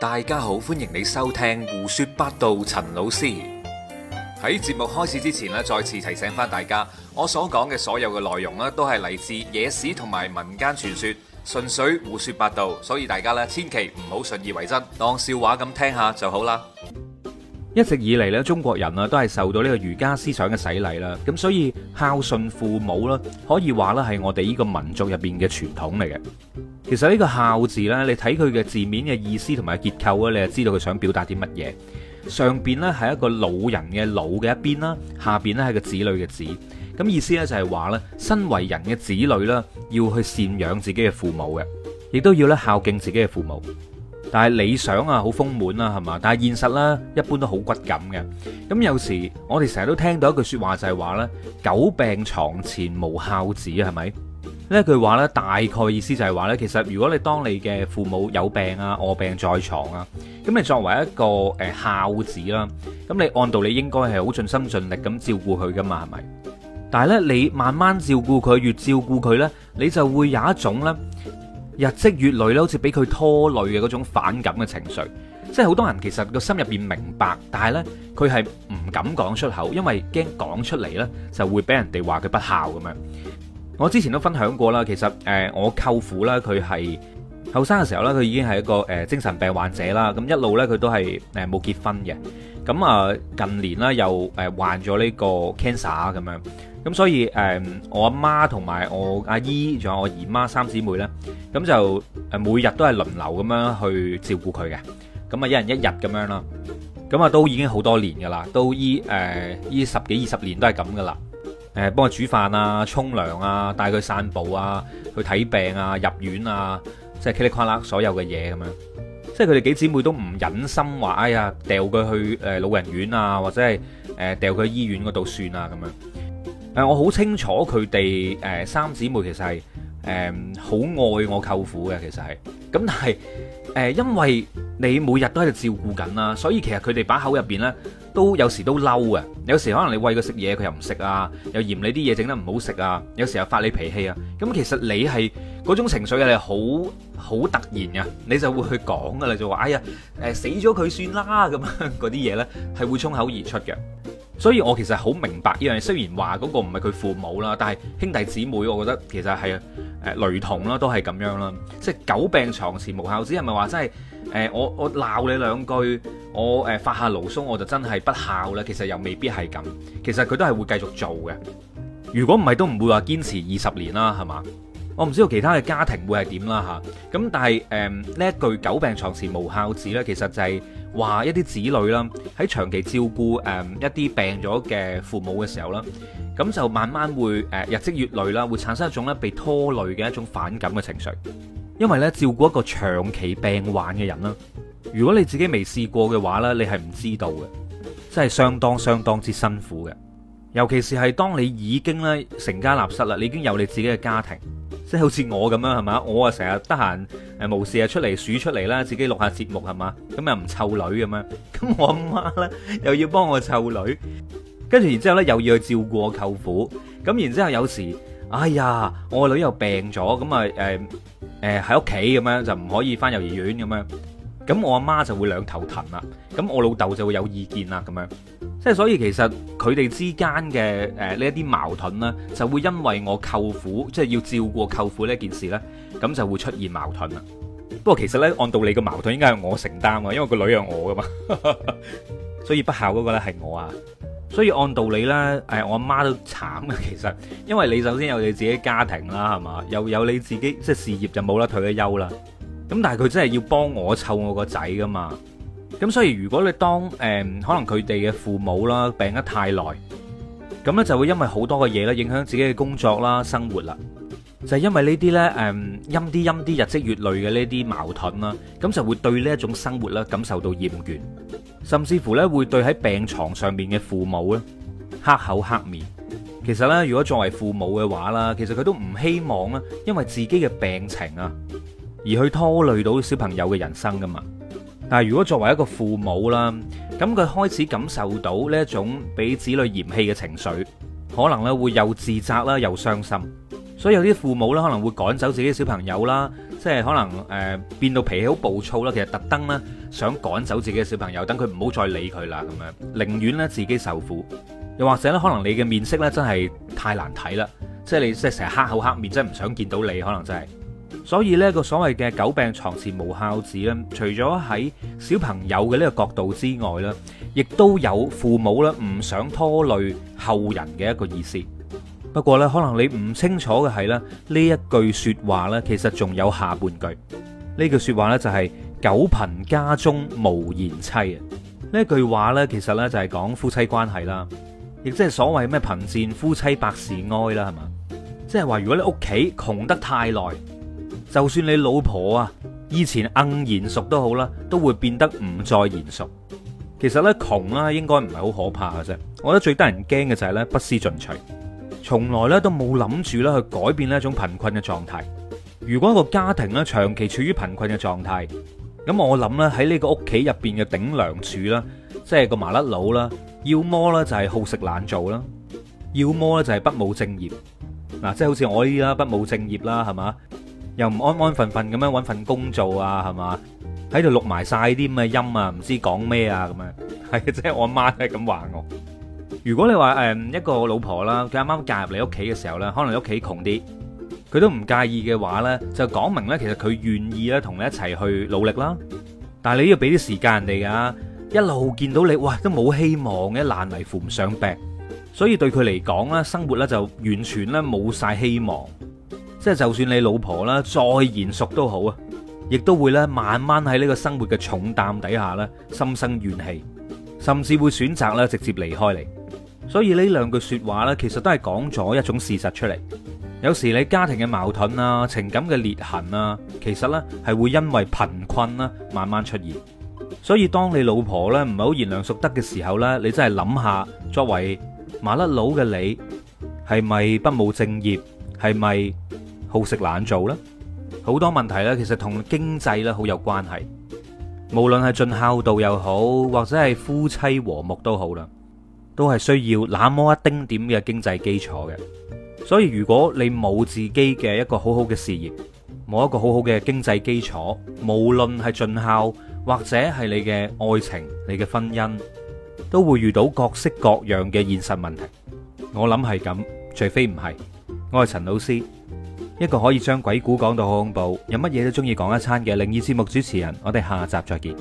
大家好，歡迎你收聽胡說八道。陳老師喺節目開始之前咧，再次提醒翻大家，我所講嘅所有嘅內容咧，都係嚟自野史同埋民間傳說，純粹胡說八道，所以大家咧千祈唔好信以為真，當笑話咁聽下就好啦。一直以嚟咧，中國人啊都係受到呢個儒家思想嘅洗禮啦，咁所以孝順父母啦，可以話咧係我哋呢個民族入邊嘅傳統嚟嘅。其實呢個孝字呢，你睇佢嘅字面嘅意思同埋結構呢，你就知道佢想表達啲乜嘢。上邊呢係一個老人嘅老嘅一邊啦，下邊呢係個子女嘅子。咁意思呢就係話呢，身為人嘅子女啦，要去贍養自己嘅父母嘅，亦都要咧孝敬自己嘅父母。但係理想啊，好豐滿啦，係嘛？但係現實啦，一般都好骨感嘅。咁有時我哋成日都聽到一句說話就係話呢，久病床前無孝子，係咪？呢句話呢，大概意思就係話呢，其實如果你當你嘅父母有病啊，卧病在床啊，咁你作為一個誒孝子啦，咁你按道理應該係好盡心盡力咁照顧佢噶嘛，係咪？但係呢，你慢慢照顧佢，越照顧佢呢，你就會有一種呢日積月累咧，好似俾佢拖累嘅嗰種反感嘅情緒。即係好多人其實個心入邊明白，但係呢佢係唔敢講出口，因為驚講出嚟呢就會俾人哋話佢不孝咁樣。我之前都分享過啦，其實誒我舅父啦，佢係後生嘅時候呢，佢已經係一個誒精神病患者啦。咁一路咧，佢都係誒冇結婚嘅。咁啊，近年啦，又誒患咗呢個 cancer 咁樣。咁所以誒，我阿媽同埋我阿姨仲有我姨媽三姊妹咧，咁就誒每日都係輪流咁樣去照顧佢嘅。咁啊，一人一日咁樣啦。咁啊，都已經好多年噶啦，都依誒依十幾二十年都係咁噶啦。誒，幫佢煮飯啊、沖涼啊、帶佢散步啊、去睇病啊、入院啊，即係噼里呱啦所有嘅嘢咁樣。即係佢哋幾姊妹都唔忍心話，哎呀，掉佢去誒老人院啊，或者係誒掉佢去醫院嗰度算啊咁樣。誒，我好清楚佢哋誒三姊妹其實係誒好愛我舅父嘅，其實係。咁但係誒，因為你每日都喺度照顧緊啦，所以其實佢哋把口入邊咧。都有時都嬲啊，有時可能你餵佢食嘢佢又唔食啊，又嫌你啲嘢整得唔好食啊，有時候發你脾氣啊，咁其實你係嗰種情緒嘅，你好好突然啊，你就會去講㗎啦，就話，哎呀，誒死咗佢算啦，咁樣嗰啲嘢呢係會衝口而出嘅。所以我其實好明白呢樣，雖然話嗰個唔係佢父母啦，但係兄弟姊妹，我覺得其實係誒雷同啦，都係咁樣啦，即係久病床前無孝子，係咪話真係誒我我鬧你兩句？我誒發下牢騷，我就真係不孝啦，其實又未必係咁，其實佢都係會繼續做嘅。如果唔係，都唔會話堅持二十年啦，係嘛？我唔知道其他嘅家庭會係點啦吓。咁但係誒呢一句久病床前無孝子呢，其實就係話一啲子女啦喺長期照顧誒一啲病咗嘅父母嘅時候啦，咁就慢慢會誒日積月累啦，會產生一種咧被拖累嘅一種反感嘅情緒，因為咧照顧一個長期病患嘅人啦。如果你自己未試過嘅話呢，你係唔知道嘅，真係相當相當之辛苦嘅，尤其是係當你已經呢成家立室啦，你已經有你自己嘅家庭，即係好似我咁樣係嘛，我啊成日得閒誒無事啊出嚟鼠出嚟啦，自己錄下節目係嘛，咁又唔湊女咁樣，咁我阿媽呢，又要幫我湊女，跟住然之後呢，又要去照顧我舅父，咁然之後有時，哎呀，我個女又病咗，咁啊誒誒喺屋企咁樣就唔可以翻幼兒園咁樣。咁我阿媽就會兩頭疼啦，咁我老豆就會有意見啦，咁樣，即係所以其實佢哋之間嘅誒呢一啲矛盾呢，就會因為我舅父即係、就是、要照顧舅父呢件事呢，咁就會出現矛盾啦。不過其實呢，按道理嘅矛盾應該係我承擔啊，因為個女係我噶嘛， 所以不孝嗰個呢係我啊。所以按道理呢，誒、呃、我阿媽都慘啊。其實，因為你首先有你自己家庭啦，係嘛，又有，有你自己即係事業就冇得退咗休啦。咁但係佢真係要幫我湊我個仔噶嘛？咁所以如果你當誒、嗯、可能佢哋嘅父母啦病得太耐，咁咧就會因為好多嘅嘢咧影響自己嘅工作啦生活啦，就係因為呢啲呢誒陰啲陰啲日積月累嘅呢啲矛盾啦，咁就會對呢一種生活咧感受到厭倦，甚至乎呢會對喺病床上面嘅父母咧黑口黑面。其實呢，如果作為父母嘅話啦，其實佢都唔希望咧因為自己嘅病情啊。而去拖累到小朋友嘅人生噶嘛？但係如果作為一個父母啦，咁佢開始感受到呢一種俾子女嫌棄嘅情緒，可能咧會又自責啦，又傷心。所以有啲父母咧可能會趕走自己嘅小朋友啦，即係可能誒、呃、變到脾氣好暴躁啦，其實特登咧想趕走自己嘅小朋友，等佢唔好再理佢啦咁樣，寧願咧自己受苦。又或者咧，可能你嘅面色咧真係太難睇啦，即係你即係成日黑口黑面，真係唔想見到你，可能真係。所以呢個所謂嘅久病床前無孝子，除咗喺小朋友嘅呢個角度之外呢，亦都有父母唔想拖累後人嘅一個意思。不過呢，可能你唔清楚嘅係咧，呢一句說話呢，其實仲有下半句。呢句說話呢就係久貧家中無賢妻。呢一句話呢其實呢就係講夫妻關係啦，亦即係所謂咩貧賤夫妻百事哀啦，係嘛？即係話如果你屋企窮得太耐。就算你老婆啊，以前硬賢淑都好啦，都會變得唔再賢淑。其實咧，窮啦應該唔係好可怕嘅啫。我覺得最得人驚嘅就係咧不思進取，從來咧都冇諗住咧去改變呢一種貧困嘅狀態。如果一個家庭咧長期處於貧困嘅狀態，咁我諗咧喺呢個屋企入邊嘅頂梁柱啦，即係個麻甩佬啦，要麼咧就係好食懶做啦，要麼咧就係不務正業。嗱，即係好似我依家不務正業啦，係嘛？又唔安安分分咁樣揾份工做啊，係嘛？喺度錄埋晒啲咩音啊，唔知講咩啊咁樣，係即係我阿媽係咁話我。如果你話誒一個老婆啦，佢啱啱嫁入你屋企嘅時候咧，可能你屋企窮啲，佢都唔介意嘅話咧，就講明咧，其實佢願意咧同你一齊去努力啦。但係你都要俾啲時間人哋㗎，一路見到你，哇，都冇希望嘅，爛泥扶唔上壁，所以對佢嚟講咧，生活咧就完全咧冇晒希望。即係就算你老婆啦再賢淑都好啊，亦都會咧慢慢喺呢個生活嘅重擔底下咧心生怨氣，甚至會選擇咧直接離開你。所以呢兩句說話咧，其實都係講咗一種事實出嚟。有時你家庭嘅矛盾啊、情感嘅裂痕啊，其實咧係會因為貧困啦慢慢出現。所以當你老婆咧唔係好賢良淑德嘅時候咧，你真係諗下，作為馬甩佬嘅你係咪不務正業，係咪？好食懶做啦，好多問題咧，其實同經濟咧好有關係。無論係盡孝道又好，或者係夫妻和睦都好啦，都係需要那麼一丁點嘅經濟基礎嘅。所以如果你冇自己嘅一個好好嘅事業，冇一個好好嘅經濟基礎，無論係盡孝或者係你嘅愛情、你嘅婚姻，都會遇到各式各樣嘅現實問題。我諗係咁，除非唔係，我係陳老師。一個可以將鬼故講到好恐怖，有乜嘢都中意講一餐嘅靈異節目主持人，我哋下集再見。